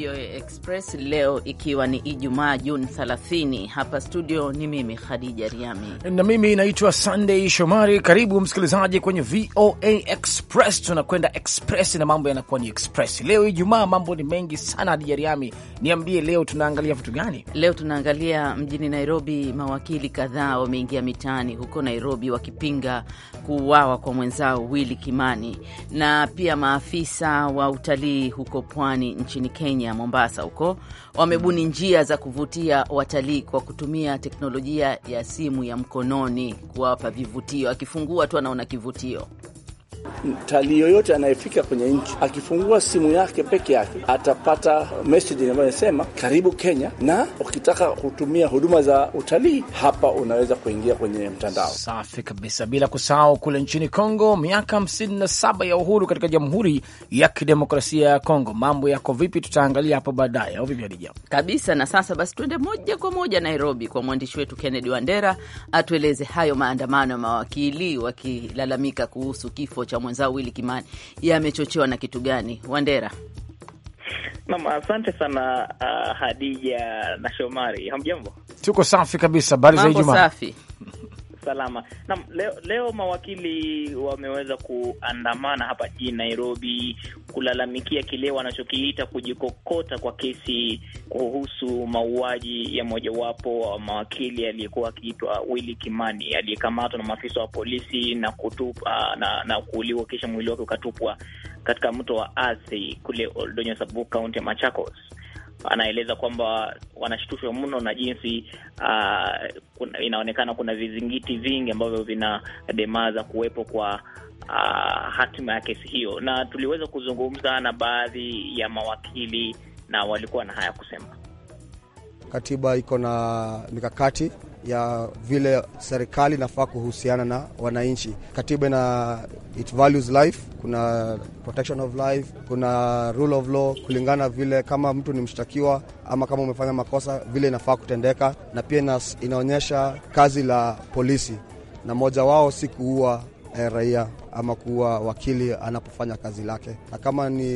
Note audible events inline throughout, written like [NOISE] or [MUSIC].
VOA Express leo ikiwa ni Ijumaa Juni 30. Hapa studio ni mimi Khadija Riami na mimi naitwa Sunday Shomari. Karibu msikilizaji kwenye VOA Express, tunakwenda express na mambo yanakuwa ni express. Leo Ijumaa, mambo ni mengi sana. Khadija Riami, niambie, leo tunaangalia vitu gani? Leo tunaangalia mjini Nairobi, mawakili kadhaa wameingia mitaani huko Nairobi wakipinga kuuawa kwa mwenzao Willy Kimani, na pia maafisa wa utalii huko pwani nchini Kenya ya Mombasa huko, wamebuni njia za kuvutia watalii kwa kutumia teknolojia ya simu ya mkononi, kuwapa vivutio. Akifungua tu anaona kivutio mtalii yoyote anayefika kwenye nchi akifungua simu yake peke yake atapata message ambayo inasema karibu Kenya, na ukitaka kutumia huduma za utalii hapa unaweza kuingia kwenye mtandao. Safi kabisa, bila kusahau kule nchini Kongo, miaka 57 ya uhuru katika Jamhuri ya Kidemokrasia ya Kongo. Mambo yako vipi? Tutaangalia hapo baadaye, au vipi Hadija? Kabisa. Na sasa basi tuende moja kwa moja Nairobi kwa mwandishi wetu Kennedy Wandera atueleze hayo maandamano ya mawakili wakilalamika kuhusu kifo cha mwenzao Willy Kimani, yamechochewa na kitu gani? Wandera. Naam, asante sana uh, Hadija na Shomari, hamjambo? Tuko safi kabisa, habari za Ijumaa. Safi. [LAUGHS] salama. Naam, leo, leo mawakili wameweza kuandamana hapa jijini Nairobi kulalamikia kile wanachokiita kujikokota kwa kesi kuhusu mauaji ya mojawapo wa mawakili aliyekuwa akiitwa Willy Kimani aliyekamatwa na maafisa wa polisi na kutupa, na, na kuuliwa kisha mwili wake ukatupwa katika mto wa Athi kule Oldonyo Sabu, kaunti ya Machakos anaeleza kwamba wanashtushwa mno na jinsi uh, kuna, inaonekana kuna vizingiti vingi ambavyo vina demaza kuwepo kwa uh, hatima ya kesi hiyo, na tuliweza kuzungumza na baadhi ya mawakili na walikuwa na haya kusema. Katiba iko na mikakati ya vile serikali inafaa kuhusiana na wananchi. Katiba ina it values life, kuna protection of life, kuna rule of law, kulingana vile kama mtu ni mshtakiwa ama kama umefanya makosa vile inafaa kutendeka, na pia inaonyesha kazi la polisi, na mmoja wao si kuua eh, raia ama kuua wakili anapofanya kazi lake, na kama ni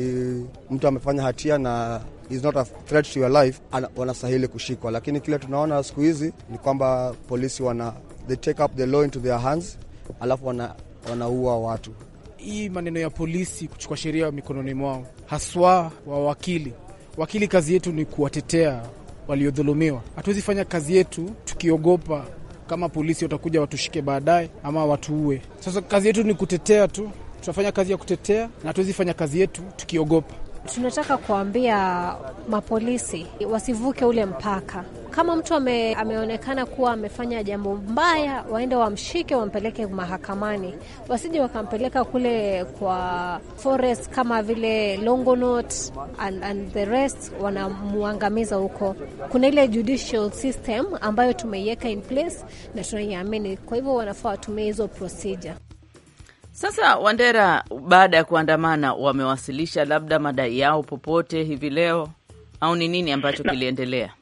mtu amefanya hatia na is not a threat to your life, wanastahili kushikwa. Lakini kile tunaona siku hizi ni kwamba polisi wana they take up the law into their hands, alafu wana, wanaua watu. Hii maneno ya polisi kuchukua sheria mikononi mwao, haswa wawakili. Wakili kazi yetu ni kuwatetea waliodhulumiwa. Hatuwezi fanya kazi yetu tukiogopa kama polisi watakuja watushike baadaye ama watuue. Sasa kazi yetu ni kutetea tu, tunafanya kazi ya kutetea na hatuwezi fanya kazi yetu tukiogopa tunataka kuambia mapolisi wasivuke ule mpaka. Kama mtu ame, ameonekana kuwa amefanya jambo mbaya, waende wamshike, wampeleke mahakamani, wasije wakampeleka kule kwa forest kama vile Longonot and, and the rest, wanamuangamiza huko. Kuna ile judicial system ambayo tumeiweka in place na tunaiamini, kwa hivyo wanafaa watumie hizo procedure. Sasa Wandera, baada ya kuandamana, wamewasilisha labda madai yao popote hivi leo au ni nini ambacho na kiliendelea?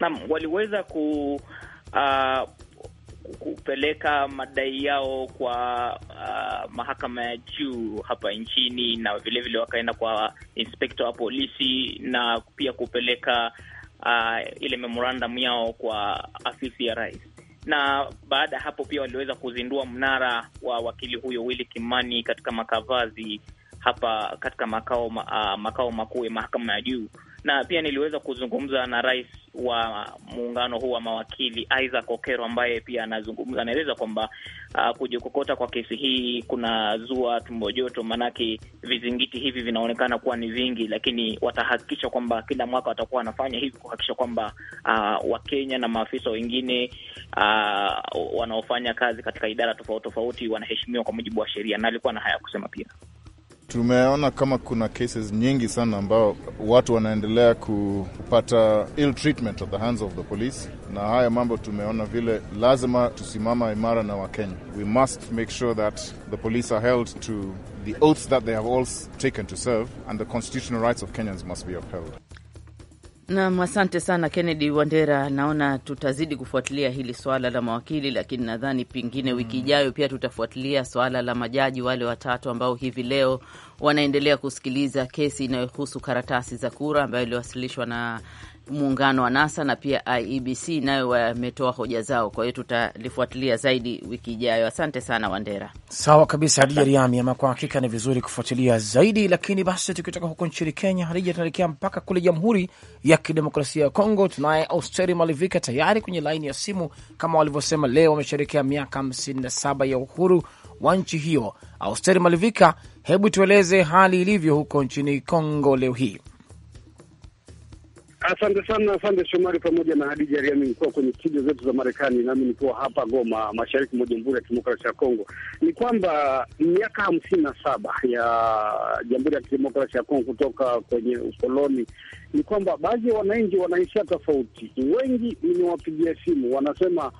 Naam, waliweza ku uh, kupeleka madai yao kwa uh, mahakama ya juu hapa nchini na vilevile wakaenda kwa inspekta wa polisi na pia kupeleka uh, ile memorandum yao kwa afisi ya rais na baada ya hapo pia waliweza kuzindua mnara wa wakili huyo Willy Kimani katika makavazi hapa katika makao, uh, makao makuu ya mahakama ya juu, na pia niliweza kuzungumza na rais wa muungano huu wa mawakili Isaac Okero, ambaye pia anazungumza, anaeleza kwamba uh, kujikokota kwa kesi hii kuna zua tumbo joto, maanake vizingiti hivi vinaonekana kuwa ni vingi, lakini watahakikisha kwamba kila mwaka watakuwa wanafanya hivi kuhakikisha kwamba uh, Wakenya na maafisa wengine uh, wanaofanya kazi katika idara tofauti tofauti wanaheshimiwa kwa mujibu wa sheria, na alikuwa na haya kusema pia. Tumeona kama kuna cases nyingi sana ambao watu wanaendelea kupata ill treatment at the hands of the police, na haya mambo tumeona vile lazima tusimama imara na Wakenya. We must make sure that the police are held to the oaths that they have all taken to serve and the constitutional rights of Kenyans must be upheld. Nam, asante sana Kennedy Wandera. Naona tutazidi kufuatilia hili swala la mawakili, lakini nadhani pengine wiki mm. ijayo pia tutafuatilia swala la majaji wale watatu ambao hivi leo wanaendelea kusikiliza kesi inayohusu karatasi za kura ambayo iliwasilishwa na muungano wa NASA na pia IEBC nayo wametoa hoja zao. Kwa hiyo tutalifuatilia zaidi wiki ijayo. Asante sana Wandera. Sawa kabisa, Hadija Riami. Ama kwa hakika ni vizuri kufuatilia zaidi, lakini basi tukitoka huko nchini Kenya, Hadija, tunaelekea mpaka kule Jamhuri ya Kidemokrasia ya Kongo. Tunaye Austeri Malivika tayari kwenye laini ya simu. Kama walivyosema, leo wamesherekea miaka 57 ya uhuru wa nchi hiyo. Austeri Malivika, hebu tueleze hali ilivyo huko nchini Kongo leo hii. Asante sana, asante Shomari pamoja na Hadija Riami. Nikuwa kwenye studio zetu za Marekani, nami nikiwa hapa Goma, mashariki mwa Jamhuri ya Kidemokrasia ya Kongo. Ni kwamba miaka hamsini na saba ya Jamhuri ya Kidemokrasia ya Kongo kutoka kwenye ukoloni, ni kwamba baadhi ya wananchi wanaishia tofauti. Wengi nimewapigia simu, wanasema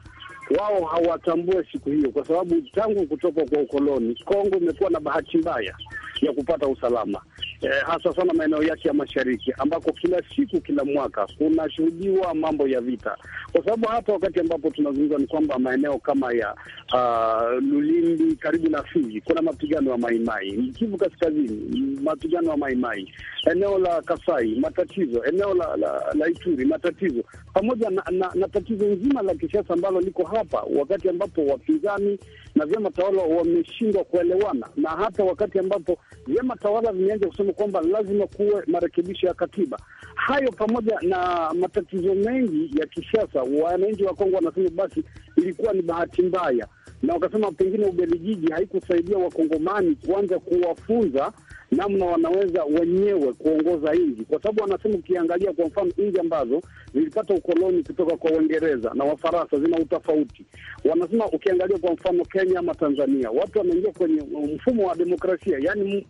wao hawatambue siku hiyo, kwa sababu tangu kutoka kwa ukoloni Kongo imekuwa na bahati mbaya ya kupata usalama eh, hasa sana maeneo yake ya mashariki ambako kila siku kila mwaka kunashuhudiwa mambo ya vita, kwa sababu hapa wakati ambapo tunazungumza ni kwamba maeneo kama ya uh, Lulindi karibu na Fizi kuna mapigano ya Maimai, Kivu Kaskazini mapigano ya Maimai, eneo la Kasai matatizo, eneo la, la, la Ituri matatizo, pamoja na, na, na tatizo nzima la kisiasa ambalo liko hapa, wakati ambapo wapinzani na vyama tawala wameshindwa kuelewana, na hata wakati ambapo vyama tawala vimeanza kusema kusema kwamba lazima kuwe marekebisho ya katiba. Hayo pamoja na matatizo mengi ya kisiasa, wananchi wa Kongo wanasema basi ilikuwa ni bahati mbaya na wakasema pengine Ubelgiji haikusaidia wakongomani kuanza kuwafunza namna wanaweza wenyewe kuongoza nji kwa sababu wanasema, ukiangalia kwa mfano nji ambazo zilipata ukoloni kutoka kwa Uingereza na Wafaransa zina utofauti. Wanasema ukiangalia kwa mfano Kenya ama Tanzania, watu wanaingia kwenye mfumo wa demokrasia, yaani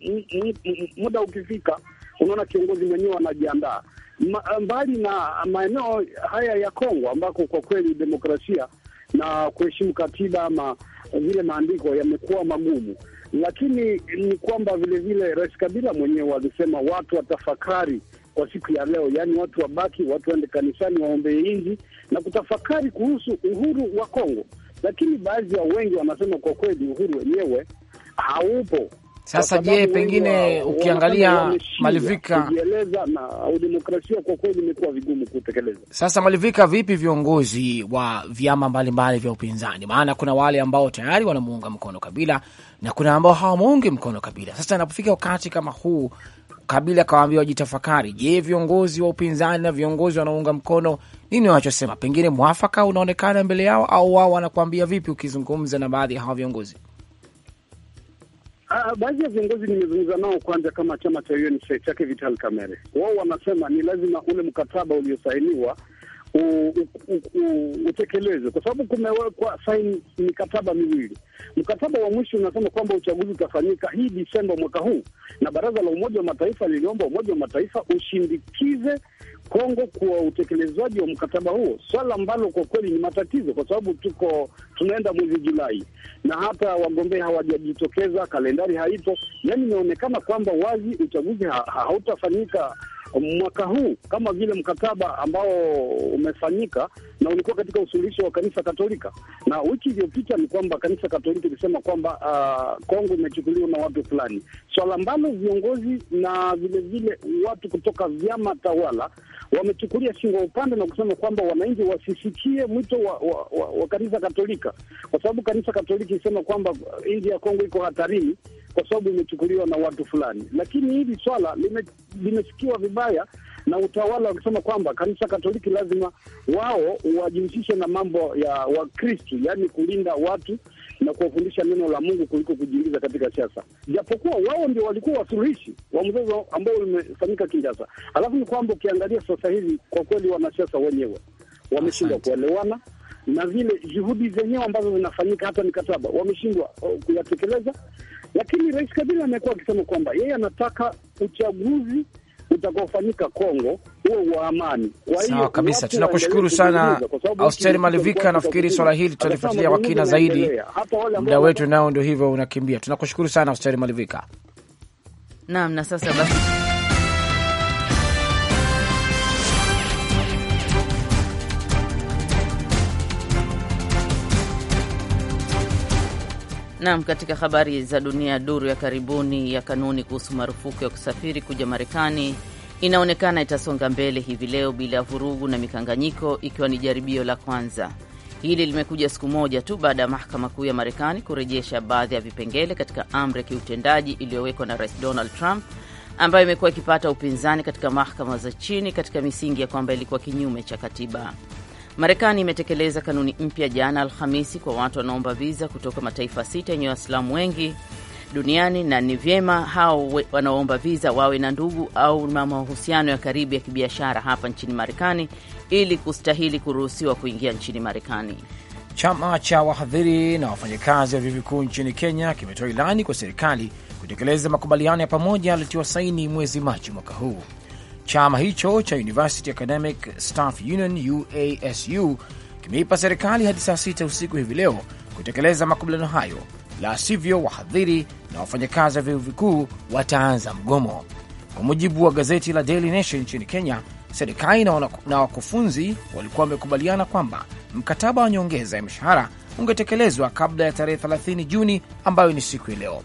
muda ukifika, unaona kiongozi mwenyewe anajiandaa, mbali na maeneo haya ya Kongo ambako kwa kweli demokrasia na kuheshimu katiba ama vile maandiko yamekuwa magumu, lakini ni kwamba vilevile Rais Kabila mwenyewe alisema watu watafakari kwa siku ya leo, yaani watu wabaki, watu waende kanisani, waombee inji na kutafakari kuhusu uhuru wa Kongo. Lakini baadhi ya wengi wanasema kwa kweli uhuru wenyewe haupo, sasa je, pengine ukiangalia Malivika, kujieleza na demokrasia kwa kweli imekuwa vigumu kutekeleza. Sasa Malivika, vipi viongozi wa vyama mbalimbali vya upinzani? Maana kuna wale ambao tayari wanamuunga mkono Kabila na kuna ambao hawamuungi mkono Kabila. Sasa inapofika wakati kama huu, Kabila kawaambia wajitafakari, je, viongozi wa upinzani na viongozi wanaunga mkono nini wanachosema? Pengine mwafaka unaonekana mbele yao, au wao wanakuambia vipi ukizungumza na baadhi ya hawa viongozi? Uh, baadhi ya viongozi nimezungumza nao, kwanza kama chama cha UNC chake Vital Kamerhe, wao wanasema ni lazima ule mkataba uliosainiwa utekelezwe kwa sababu kumewekwa saini mikataba miwili. Mkataba wa mwisho unasema kwamba uchaguzi utafanyika hii Desemba mwaka huu, na baraza la Umoja wa Mataifa liliomba Umoja wa Mataifa ushindikize Kongo kwa utekelezaji wa mkataba huo, swala ambalo kwa kweli ni matatizo, kwa sababu tuko tunaenda mwezi Julai na hata wagombea hawajajitokeza, kalendari haipo. Yani inaonekana kwamba wazi uchaguzi ha hautafanyika mwaka huu kama vile mkataba ambao umefanyika na ulikuwa katika usuluhisho wa kanisa Katolika. Na wiki iliyopita ni kwamba kanisa Katolika ilisema kwamba uh, Kongo imechukuliwa na watu fulani swala ambalo viongozi na vilevile vile watu kutoka vyama tawala wamechukulia shingo upande na kusema kwamba wananchi wasisikie mwito wa, wa, wa, wa kanisa Katolika, kwa sababu kanisa Katoliki isema kwamba nchi ya Kongo iko hatarini kwa sababu imechukuliwa na watu fulani, lakini hili swala limesikiwa vibaya na utawala wakisema kwamba kanisa Katoliki lazima wao wajihusishe na mambo ya Wakristu, yaani kulinda watu na kuwafundisha neno la Mungu kuliko kujiingiza katika siasa, japokuwa wao ndio walikuwa wasuluhishi wa mzozo ambao umefanyika Kinshasa. Alafu ni kwamba ukiangalia sasa hivi kwa kweli wanasiasa wenyewe wameshindwa kuelewana na vile juhudi zenyewe ambazo zinafanyika hata mikataba wameshindwa uh, kuyatekeleza. Lakini Rais Kabila amekuwa akisema kwamba yeye anataka uchaguzi utakaofanyika Kongo huo wa amani. Kwa hiyo sawa kabisa, tunakushukuru sana Austeri Malivika. Nafikiri swala hili tutalifuatilia kwa kina zaidi, muda wetu nao ndio hivyo unakimbia. Tunakushukuru sana Austeri Malivika. Naam, na sasa basi Nam, katika habari za dunia, duru ya karibuni ya kanuni kuhusu marufuku ya kusafiri kuja Marekani inaonekana itasonga mbele hivi leo bila ya vurugu na mikanganyiko, ikiwa ni jaribio la kwanza. Hili limekuja siku moja tu baada ya mahakama kuu ya Marekani kurejesha baadhi ya vipengele katika amri ya kiutendaji iliyowekwa na Rais Donald Trump ambayo imekuwa ikipata upinzani katika mahakama za chini katika misingi ya kwamba ilikuwa kinyume cha katiba. Marekani imetekeleza kanuni mpya jana Alhamisi kwa watu wanaomba viza kutoka mataifa sita yenye Waislamu wengi duniani na ni vyema hao wanaoomba viza wawe na ndugu au na mahusiano ya karibu ya kibiashara hapa nchini Marekani ili kustahili kuruhusiwa kuingia nchini Marekani. Chama cha wahadhiri na wafanyakazi wa vyuo vikuu nchini Kenya kimetoa ilani kwa serikali kutekeleza makubaliano ya pamoja yaliyotiwa saini mwezi Machi mwaka huu. Chama hicho cha University Academic Staff Union UASU kimeipa serikali hadi saa sita usiku hivi leo kutekeleza makubaliano hayo, la sivyo wahadhiri na wafanyakazi wa vyuo vikuu wataanza mgomo. Kwa mujibu wa gazeti la Daily Nation nchini Kenya, serikali na wakufunzi walikuwa wamekubaliana kwamba mkataba wa nyongeza ya mishahara ungetekelezwa kabla ya tarehe 30 Juni ambayo ni siku ya leo.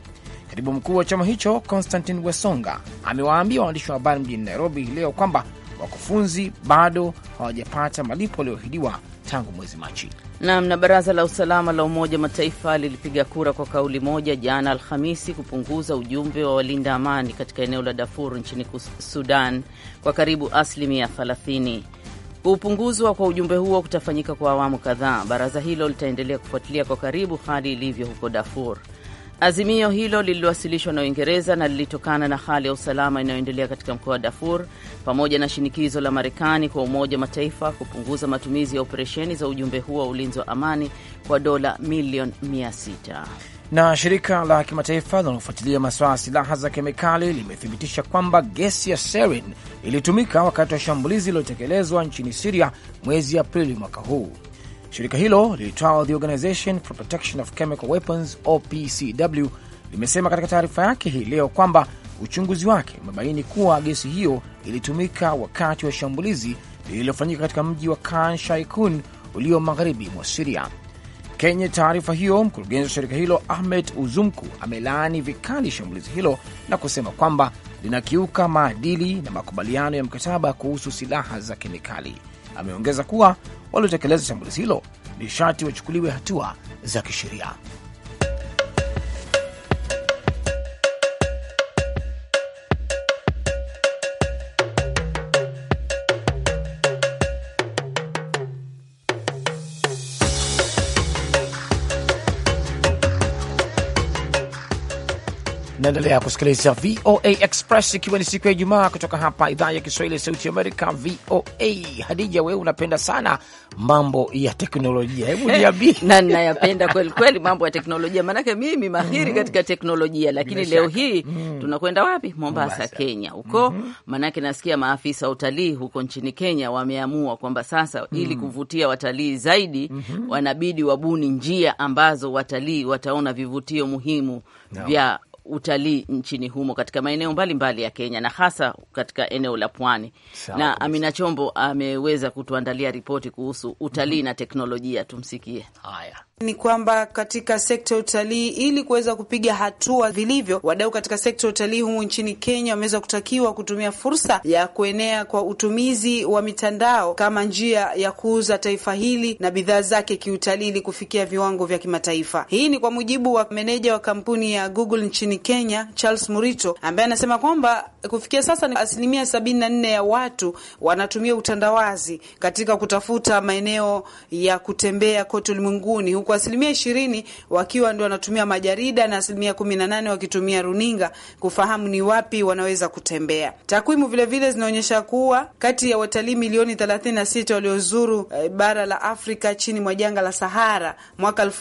Katibu mkuu wa chama hicho Constantin Wesonga amewaambia waandishi wa habari mjini Nairobi leo kwamba wakufunzi bado hawajapata malipo yaliyoahidiwa tangu mwezi Machi. Nam na baraza la usalama la Umoja Mataifa lilipiga kura kwa kauli moja jana Alhamisi kupunguza ujumbe wa walinda amani katika eneo la Darfur nchini Sudan kwa karibu asilimia 30. Kupunguzwa kwa ujumbe huo kutafanyika kwa awamu kadhaa. Baraza hilo litaendelea kufuatilia kwa karibu hali ilivyo huko Darfur. Azimio hilo lililowasilishwa na Uingereza na lilitokana na hali ya usalama inayoendelea katika mkoa wa Darfur pamoja na shinikizo la Marekani kwa Umoja wa Mataifa kupunguza matumizi ya operesheni za ujumbe huo wa ulinzi wa amani kwa dola milioni 6 Na shirika la kimataifa linalofuatilia masuala ya silaha za kemikali limethibitisha kwamba gesi ya sarin ilitumika wakati wa shambulizi lililotekelezwa nchini Siria mwezi Aprili mwaka huu. Shirika hilo liitwao The Organization for Protection of Chemical Weapons, OPCW, limesema katika taarifa yake hii leo kwamba uchunguzi wake umebaini kuwa gesi hiyo ilitumika wakati wa shambulizi lililofanyika katika mji wa Khan Shaikun ulio magharibi mwa Siria. Kenye taarifa hiyo, mkurugenzi wa shirika hilo Ahmed Uzumku amelaani vikali shambulizi hilo na kusema kwamba linakiuka maadili na makubaliano ya mkataba kuhusu silaha za kemikali. Ameongeza kuwa waliotekeleza shambulizi hilo ni sharti wachukuliwe hatua za kisheria. naendelea kusikiliza VOA Express ikiwa ni siku ya Ijumaa kutoka hapa idhaa ya Kiswahili ya Sauti Amerika, VOA. Hadija, wewe unapenda sana mambo ya teknolojia, hebu eh, niambie. [LAUGHS] Na ninayapenda kwelikweli mambo ya teknolojia, maanake mimi mahiri mm -hmm. katika teknolojia, lakini leo hii mm -hmm. tunakwenda wapi? Mombasa, Mombasa, Kenya huko mm -hmm. maanake nasikia maafisa wa utalii huko nchini Kenya wameamua kwamba sasa mm -hmm. ili kuvutia watalii zaidi mm -hmm. wanabidi wabuni njia ambazo watalii wataona vivutio muhimu no. vya utalii nchini humo katika maeneo mbalimbali ya Kenya na hasa katika eneo la pwani. Na Amina Chombo ameweza kutuandalia ripoti kuhusu utalii mm -hmm. na teknolojia. Tumsikie haya ni kwamba katika sekta ya utalii ili kuweza kupiga hatua vilivyo, wadau katika sekta ya utalii humu nchini Kenya wameweza kutakiwa kutumia fursa ya kuenea kwa utumizi wa mitandao kama njia ya kuuza taifa hili na bidhaa zake kiutalii ili kufikia viwango vya kimataifa. Hii ni kwa mujibu wa meneja wa kampuni ya Google nchini Kenya, Charles Murito, ambaye anasema kwamba kufikia sasa ni asilimia sabini na nne ya watu wanatumia utandawazi katika kutafuta maeneo ya kutembea kote ulimwenguni huku asilimia ishirini wakiwa ndio wanatumia majarida na asilimia kumi na nane wakitumia runinga kufahamu ni wapi wanaweza kutembea. Takwimu vilevile zinaonyesha kuwa kati ya watalii milioni 36 waliozuru e, bara la Afrika chini mwa janga la Sahara mwaka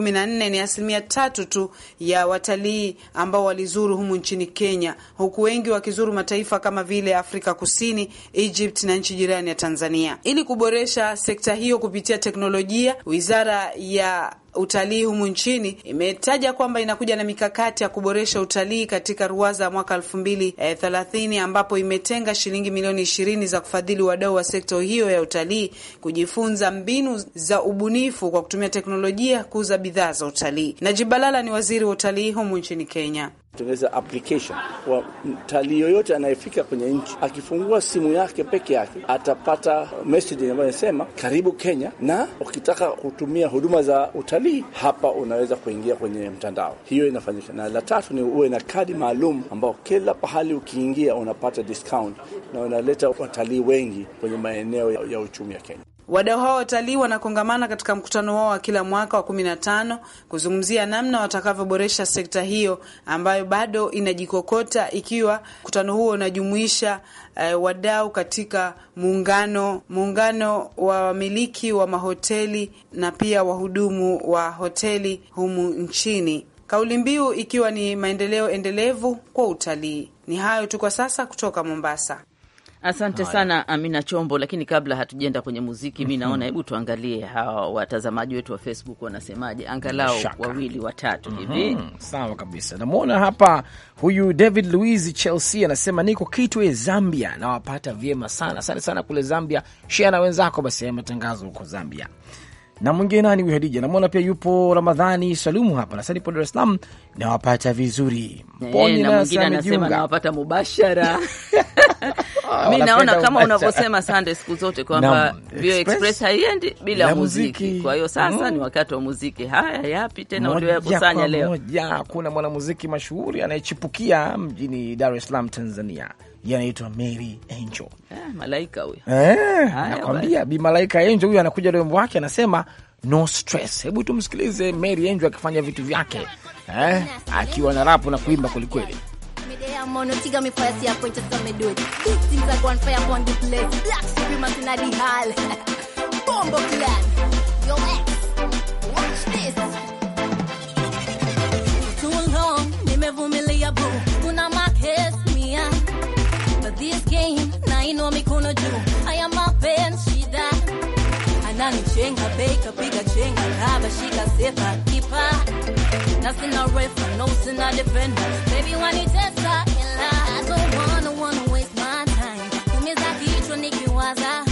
nne ni asilimia tatu tu ya watalii ambao walizuru humu nchini Kenya, huku wengi wakizuru mataifa kama vile Afrika Kusini, Egypt na nchi jirani ya Tanzania. Ili kuboresha sekta hiyo kupitia teknolojia, wizara ya utalii humu nchini imetaja kwamba inakuja na mikakati ya kuboresha utalii katika ruwaza ya mwaka elfu mbili eh, thelathini ambapo imetenga shilingi milioni ishirini za kufadhili wadau wa sekta hiyo ya utalii kujifunza mbinu za ubunifu kwa kutumia teknolojia kuuza bidhaa za utalii. Najib Balala ni waziri wa utalii humu nchini Kenya. Tunaeleza application kwa mtalii yoyote anayefika kwenye nchi, akifungua simu yake peke yake atapata message ambayo inasema karibu Kenya, na ukitaka kutumia huduma za utalii hapa unaweza kuingia kwenye mtandao. Hiyo inafanyika. Na la tatu ni uwe na kadi maalum ambao kila pahali ukiingia unapata discount na unaleta watalii wengi kwenye maeneo ya uchumi ya Kenya. Wadau hao watalii wanakongamana katika mkutano wao wa kila mwaka wa tano kuzungumzia namna watakavyoboresha sekta hiyo ambayo bado inajikokota, ikiwa mkutano huo unajumuisha eh, wadau katika muungano muungano wa wamiliki wa mahoteli na pia wahudumu wa hoteli humu nchini, kauli mbiu ikiwa ni maendeleo endelevu kwa utalii. Ni hayo tu kwa sasa kutoka Mombasa. Asante Haya sana Amina Chombo, lakini kabla hatujaenda kwenye muziki, mi mhm. naona hebu tuangalie hawa watazamaji wetu wa Facebook wanasemaje, angalau wawili watatu mhm. hivi. Sawa kabisa, namwona hapa huyu David Louis Chelsea anasema niko Kitwe, Zambia, nawapata vyema sana. Asante sana kule Zambia, shia na wenzako basi haya matangazo huko Zambia na mwingine nani huyu Hadija, namwona pia yupo Ramadhani Salumu hapa nasani po Dar es Salaam, nawapata vizuri eh, Mboni, na mwingine anasema nawapata mubashara [LAUGHS] [LAUGHS] mi naona kama unavyosema sande siku zote kwamba Vio Express haiendi bila muziki. muziki. Kwa hiyo sasa mm. ni wakati wa muziki. Haya yapi tena kusanya leo? Kuna mwanamuziki mashuhuri anayechipukia mjini Dar es Salaam, Tanzania yanaitwa Mary Angel. Eh, malaika huyo. Eh, nakwambia Bi Malaika Angel huyo anakuja na wimbo wake anasema no stress. Hebu tumsikilize Mary Angel akifanya vitu vyake. Eh, akiwa na rapu na kuimba kwelikweli. nainua mikono juu. Aya mapenzi shida, ananichenga bei kapiga chenga kaba shika sefa kipa na sina refa no sina defender baby wanitesa ila I don't wanna wanna waste my time kumiza kichwa nikiwaza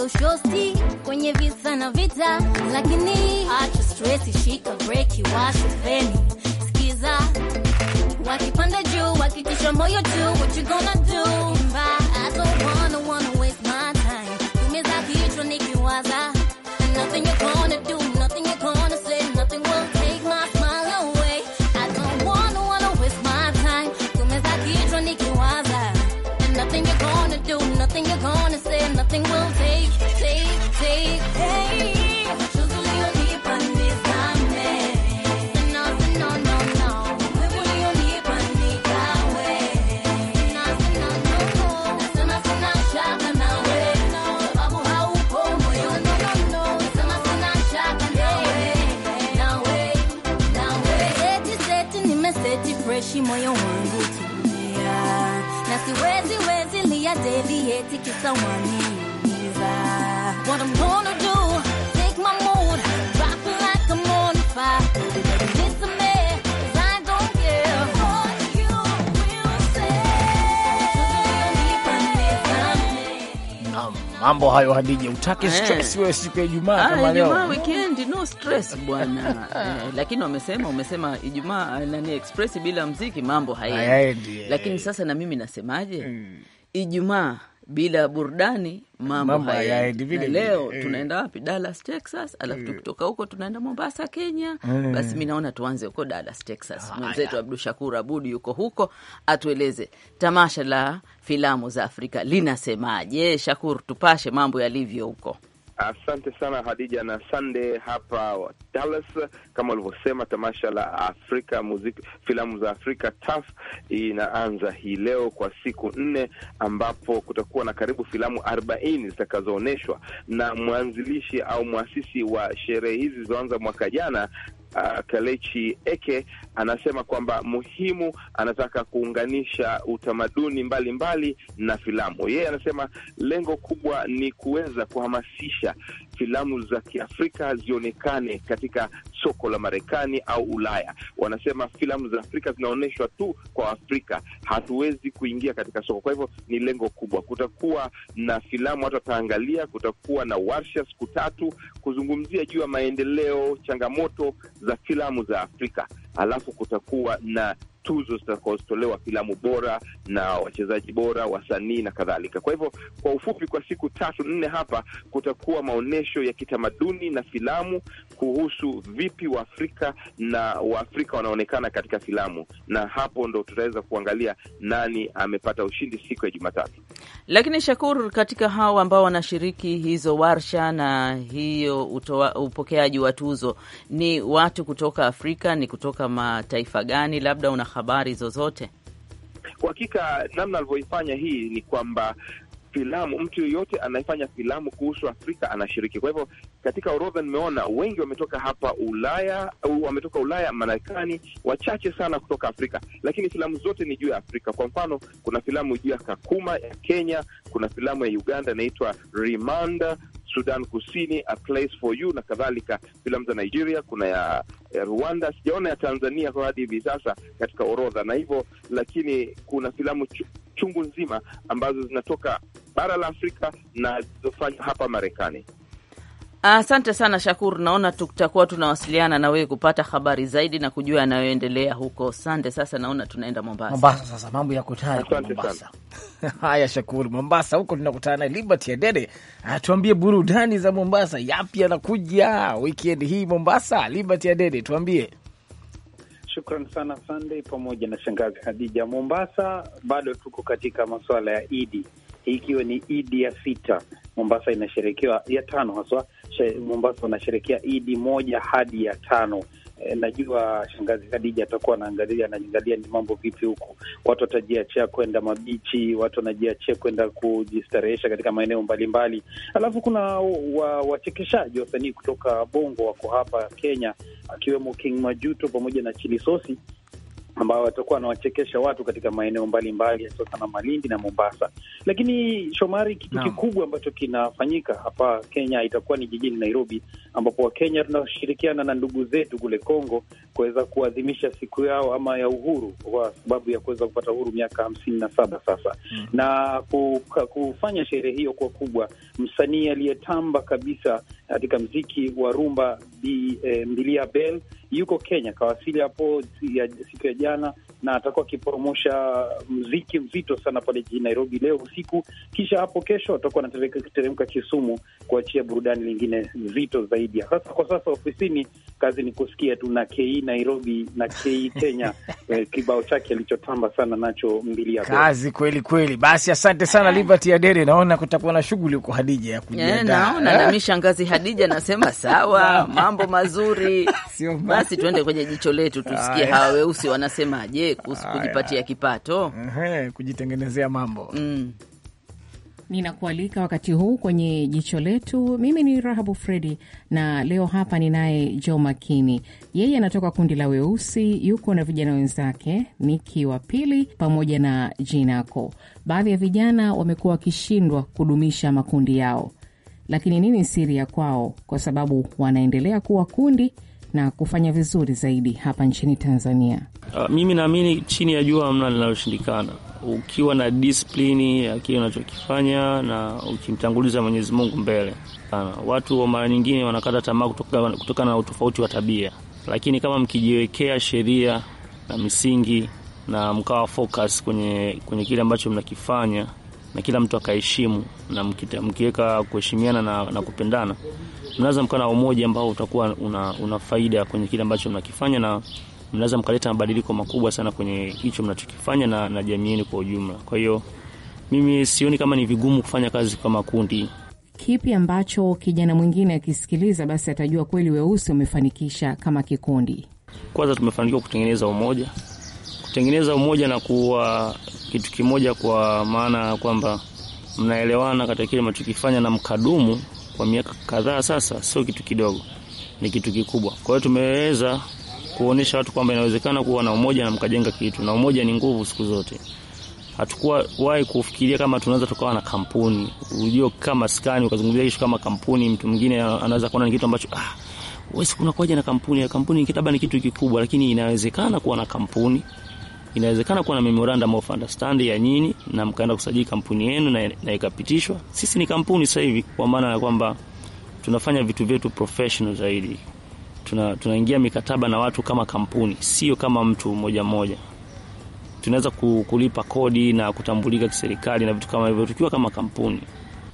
mwaga ushosti kwenye visa na vita, lakini acha stress, shika breki, washa veni, sikiza wakipanda juu, wakitisha moyo tu, what you gonna do mambo hayo Hadija, utake eh. stress wewe siku ya Ijumaa kama ah, leo. Ijumaa weekend no stress bwana. Eh, lakini wamesema umesema Ijumaa eh, nani express bila mziki mambo hayaendi. Eh. Lakini sasa na mimi nasemaje? Mm. Ijumaa bila burudani mambo hayaendi vile. Leo eh. tunaenda wapi? Dallas Texas, alafu eh. tukitoka huko tunaenda Mombasa Kenya. Eh. basi mi naona tuanze huko Dallas Texas. Mwenzetu Abdu Shakur Abudi yuko huko, atueleze tamasha la filamu za Afrika linasemaje. Shakur, tupashe mambo yalivyo huko. Asante sana Hadija na Sande hapa Dallas. Kama ulivyosema, tamasha la Afrika muziki, filamu za Afrika TAF inaanza hii leo kwa siku nne, ambapo kutakuwa na karibu filamu arobaini zitakazoonyeshwa na mwanzilishi au mwasisi wa sherehe hizi zilizoanza mwaka jana uh, Kalechi Eke anasema kwamba muhimu, anataka kuunganisha utamaduni mbalimbali mbali na filamu. Yeye anasema lengo kubwa ni kuweza kuhamasisha filamu za Kiafrika zionekane katika soko la Marekani au Ulaya. Wanasema filamu za Afrika zinaonyeshwa tu kwa Afrika, hatuwezi kuingia katika soko. Kwa hivyo ni lengo kubwa, kutakuwa na filamu watu wataangalia, kutakuwa na warsha siku tatu kuzungumzia juu ya maendeleo, changamoto za filamu za Afrika, alafu kutakuwa na tuzo zitakazotolewa filamu bora na wachezaji bora, wasanii na kadhalika. Kwa hivyo, kwa ufupi, kwa siku tatu nne hapa kutakuwa maonyesho ya kitamaduni na filamu kuhusu vipi Waafrika na Waafrika wanaonekana katika filamu, na hapo ndo tutaweza kuangalia nani amepata ushindi siku ya Jumatatu. Lakini Shakur, katika hao ambao wanashiriki hizo warsha na hiyo utoa, upokeaji wa tuzo, ni watu kutoka Afrika, ni kutoka mataifa gani? Labda una habari zozote? Kwa hakika namna alivyoifanya hii ni kwamba filamu, mtu yeyote anayefanya filamu kuhusu Afrika anashiriki. Kwa hivyo katika orodha nimeona wengi wametoka hapa Ulaya, wametoka Ulaya, Marekani, wachache sana kutoka Afrika, lakini filamu zote ni juu ya Afrika. Kwa mfano, kuna filamu juu ya Kakuma ya Kenya, kuna filamu ya Uganda inaitwa Rimanda, Sudan Kusini, A Place for You na kadhalika. Filamu za Nigeria kuna ya, ya Rwanda, sijaona ya Tanzania kwa hadi hivi sasa katika orodha na hivyo, lakini kuna filamu chungu nzima ambazo zinatoka bara la Afrika na zilizofanywa hapa Marekani. Asante sana Shakur, naona tutakuwa tunawasiliana na wewe kupata habari zaidi na kujua yanayoendelea huko Sande. Sasa naona tunaenda Mombasa. Mombasa sasa mambo ya yako kwa Mombasa. [LAUGHS] Haya Shakur, Mombasa huko tunakutana na Liberty Adede ah, tuambie burudani za Mombasa, yapi yanakuja wikendi hii Mombasa. Liberty Adede, tuambie. Shukran sana Sunday pamoja na shangazi Hadija. Mombasa bado tuko katika masuala ya Idi, hii ikiwa ni Idi ya sita. Mombasa inasherekewa ya tano haswa. Mombasa wanasherekea Idi moja hadi ya tano E, najua shangazi Khadija atakuwa anaangalia anaangalia ni mambo vipi huku, watu watajiachia kwenda mabichi, watu wanajiachia kwenda kujistarehesha katika maeneo mbalimbali. Alafu kuna wachekeshaji wa, wasanii kutoka Bongo wako hapa Kenya, akiwemo King Majuto pamoja na Chili Sosi ambao watakuwa wanawachekesha watu katika maeneo mbalimbali hasa na Malindi na Mombasa. Lakini Shomari, kitu no. kikubwa ambacho kinafanyika hapa Kenya itakuwa ni jijini Nairobi, ambapo Wakenya tunashirikiana na ndugu zetu kule Kongo kuweza kuadhimisha siku yao ama ya uhuru, kwa sababu ya kuweza kupata uhuru miaka hamsini na saba sasa mm. na kufanya sherehe hiyo kwa kubwa, msanii aliyetamba kabisa katika mziki wa rumba Bi e, eh, Mbilia Bel yuko Kenya, kawasili hapo siku ya jana, na atakuwa akipromosha mziki mzito sana pale jijini Nairobi leo usiku, kisha hapo kesho atakuwa anateremka Kisumu kuachia burudani lingine nzito zaidi. Sasa kwa sasa ofisini, kazi ni kusikia tu na KE Nairobi na KE Kenya [LAUGHS] eh, kibao chake alichotamba sana nacho Mbilia Ben, kazi kweli kweli. Basi asante sana Liberty Adere, naona kutakuwa na shughuli huko Hadija ya kujiandaa, eh, naona nami eh? shangazi Hadija nasema sawa [LAUGHS] mambo mazuri [LAUGHS] basi tuende kwenye jicho letu tusikie hawa weusi wanasemaje kuhusu kujipatia kipato, kujitengenezea mambo mm. Ninakualika wakati huu kwenye jicho letu. Mimi ni Rahabu Fredi na leo hapa ninaye jo Makini. Yeye anatoka kundi la Weusi, yuko na vijana wenzake Niki wa Pili pamoja na Jinako. Baadhi ya vijana wamekuwa wakishindwa kudumisha makundi yao lakini nini siri ya kwao, kwa sababu wanaendelea kuwa kundi na kufanya vizuri zaidi hapa nchini Tanzania? Uh, mimi naamini chini ya jua hamna linaloshindikana. Ukiwa na disiplini ya kile unachokifanya na ukimtanguliza Mwenyezi Mungu mbele Kana. Ah, watu mara nyingine wanakata tamaa kutokana kutoka na utofauti wa tabia, lakini kama mkijiwekea sheria na misingi na mkawa focus kwenye, kwenye kile ambacho mnakifanya na kila mtu akaheshimu, na mkiweka kuheshimiana na, na kupendana, mnaweza mkawa na umoja ambao utakuwa una, una faida kwenye kile ambacho mnakifanya na mnaweza mkaleta mabadiliko makubwa sana kwenye hicho mnachokifanya na, na jamii yenu kwa ujumla. Kwa hiyo mimi sioni kama ni vigumu kufanya kazi kwa makundi. Kipi ambacho kijana mwingine akisikiliza basi atajua kweli weusi umefanikisha kama kikundi? Kwanza tumefanikiwa kutengeneza umoja kutengeneza umoja na kuwa kitu kimoja, kwa maana kwamba mnaelewana katika kile mnachokifanya na mkadumu kwa miaka kadhaa sasa, sio kitu kidogo, ni kitu kikubwa. Kwa hiyo tumeweza kuonesha watu kwamba inawezekana kuwa na umoja na mkajenga kitu, na umoja ni nguvu siku zote. Hatukuwa wahi kufikiria kama tunaweza tukawa na kampuni. Unajua, kama skani ukazungumzia hicho kama kampuni, mtu mwingine anaweza kuona ni kitu ambacho ah, wewe kuna kwaje na kampuni? ya Kampuni labda ni kitu kikubwa, lakini inawezekana kuwa na kampuni inawezekana kuwa na memorandum of understanding ya nyinyi na mkaenda kusajili kampuni yenu na, na ikapitishwa. Sisi ni kampuni sasa hivi, kwa maana ya kwamba tunafanya vitu vyetu professional zaidi. Tuna, tunaingia mikataba na watu kama kampuni, sio kama mtu mmoja mmoja. Tunaweza kulipa kodi na kutambulika kiserikali na vitu kama hivyo tukiwa kama kampuni.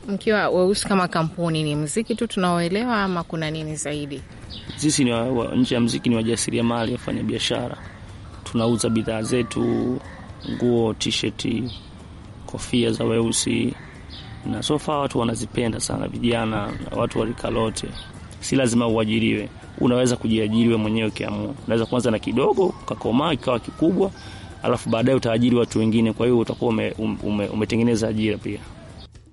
Mkiwa weusi kama kampuni, ni mziki tu tunaoelewa ama kuna nini zaidi? Sisi ni wa, wa, nje ya mziki, ni wajasiriamali, wafanya biashara tunauza bidhaa zetu, nguo, tisheti, kofia za weusi, na sofa watu wanazipenda sana, vijana na watu warika lote. Si lazima uajiriwe, unaweza kujiajiriwe mwenyewe ukiamua. Unaweza kuanza na kidogo, ukakomaa kikawa kikubwa, alafu baadaye utaajiri watu wengine. Kwa hiyo utakuwa ume, um, ume, umetengeneza ajira pia.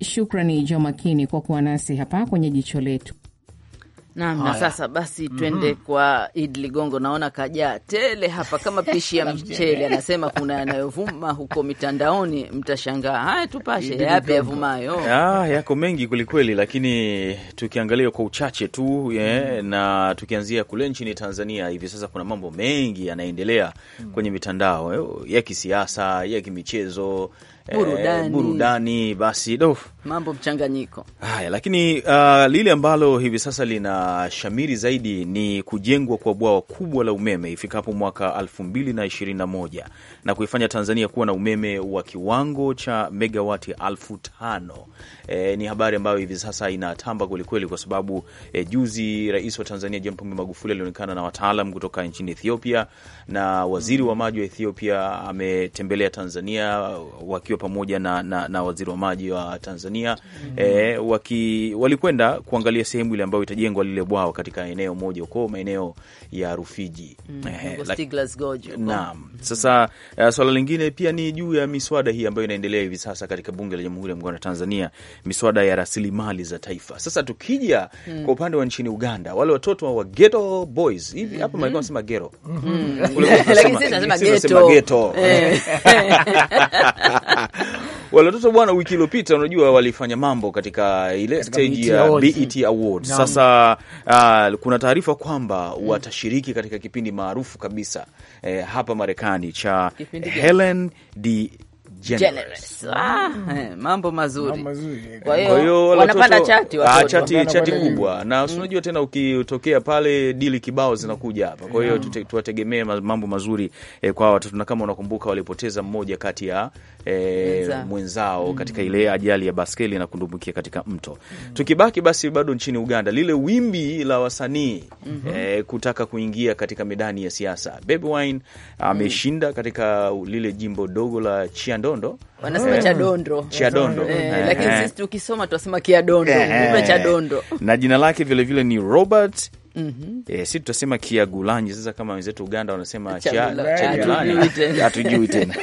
Shukrani Jo Makini kwa kuwa nasi hapa kwenye jicho letu. Naam, na sasa basi mhm. twende mm -hmm. kwa Idi Ligongo, naona kajaa tele hapa kama pishi ya [LAUGHS] mchele. Anasema kuna yanayovuma huko mitandaoni, mtashangaa. Haya, tupashe yapi yavumayo? Ya, ah, yako mengi kwelikweli, lakini tukiangalia kwa uchache tu yeah, mm -hmm. na tukianzia kule nchini Tanzania, hivi sasa kuna mambo mengi yanaendelea mm -hmm. kwenye mitandao eh, ya kisiasa, ya kimichezo Eh, burudani, burudani basi do mambo mchanganyiko haya, lakini uh, lile ambalo hivi sasa lina shamiri zaidi ni kujengwa kwa bwawa kubwa la umeme ifikapo mwaka 221 na na kuifanya Tanzania kuwa na umeme wa kiwango cha megawati elfu tano. E, ni habari ambayo hivi sasa inatamba kwelikweli kwa sababu e, juzi Rais wa Tanzania John Pombe Magufuli alionekana na wataalam kutoka nchini Ethiopia na waziri wa maji wa Ethiopia ametembelea Tanzania wakiwa wakiwa pamoja na, na, na waziri wa maji wa Tanzania mm -hmm. E, walikwenda kuangalia sehemu ile ambayo itajengwa lile bwawa katika eneo moja huko maeneo ya Rufiji mm -hmm. Naam mm -hmm. Sasa uh, swala lingine pia ni juu ya miswada hii ambayo inaendelea hivi sasa katika bunge la Jamhuri ya Muungano wa Tanzania, miswada ya rasilimali za taifa. Sasa tukija mm -hmm. kwa upande wa nchini Uganda, wale watoto wa ghetto boys hivi hapa mm-hmm. gero mm-hmm. [LAUGHS] lakini sisi [LAUGHS] wale bwana, wiki iliyopita unajua walifanya mambo katika ile katika stage e ya BET Awards. E Sasa uh, kuna taarifa kwamba hmm, watashiriki katika kipindi maarufu kabisa eh, hapa Marekani cha Helen D generous. Ah, mm. eh, mambo mazuri. Eh, eh. Kwa hiyo wanapanda chati ah, watoto. Chati, chati kubwa na mm. Unajua tena ukitokea pale dili kibao zinakuja hapa, kwa hiyo mm. tuwategemee mambo mazuri eh, kwa watoto, na kama unakumbuka walipoteza mmoja kati ya eh, mwenzao mm. katika ile ajali ya baskeli na kudumbukia katika mto mm. Tukibaki basi bado nchini Uganda, lile wimbi la wasanii mm -hmm. eh, kutaka kuingia katika medani ya siasa, Baby Wine ameshinda mm. katika lile jimbo dogo la Chiando dondo wanasema eh. Eh, eh, lakini sisi tukisoma tunasema kia Na jina lake vilevile ni Robert mm -hmm. E, si tutasema kiagulanyi sasa, kama wenzetu Uganda wanasema [LAUGHS] hatujui tena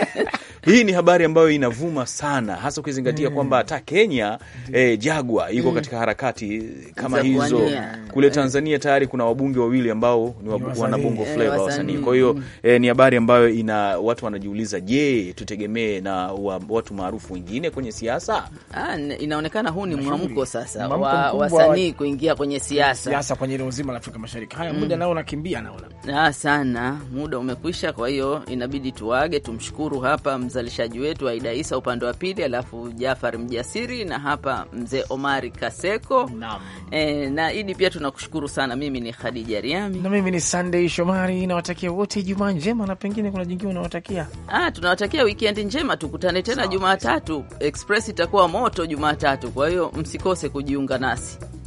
Hii ni habari ambayo inavuma sana hasa ukizingatia mm. kwamba hata Kenya eh, Jagwa iko mm. katika harakati kama Zabuania. hizo kule Tanzania tayari kuna wabunge wawili ambao ni wab... wanabongo eh, flava wasanii. Kwa hiyo mm. eh, ni habari ambayo ina watu wanajiuliza, je, tutegemee na wa, watu maarufu wengine kwenye siasa? Ah, inaonekana huu ni mwamko sasa wa wasanii kuingia kwenye siasa, siasa kwenye eneo zima la Afrika Mashariki. Haya, mm. muda mm, nao nakimbia naona ah, sana muda umekwisha. Kwa hiyo inabidi tuage, tumshukuru hapa mzalishaji wetu Aida Isa upande wa pili, alafu Jafari Mjasiri na hapa mzee Omari Kaseko e, na Idi pia tunakushukuru sana. Mimi ni Khadija Riami na mimi ni Sandey Shomari, nawatakia wote Ijumaa njema na pengine kuna jingine unawatakia. Ah, tunawatakia wikendi njema, tukutane tena Jumatatu. Express itakuwa moto Jumatatu, kwa hiyo msikose kujiunga nasi.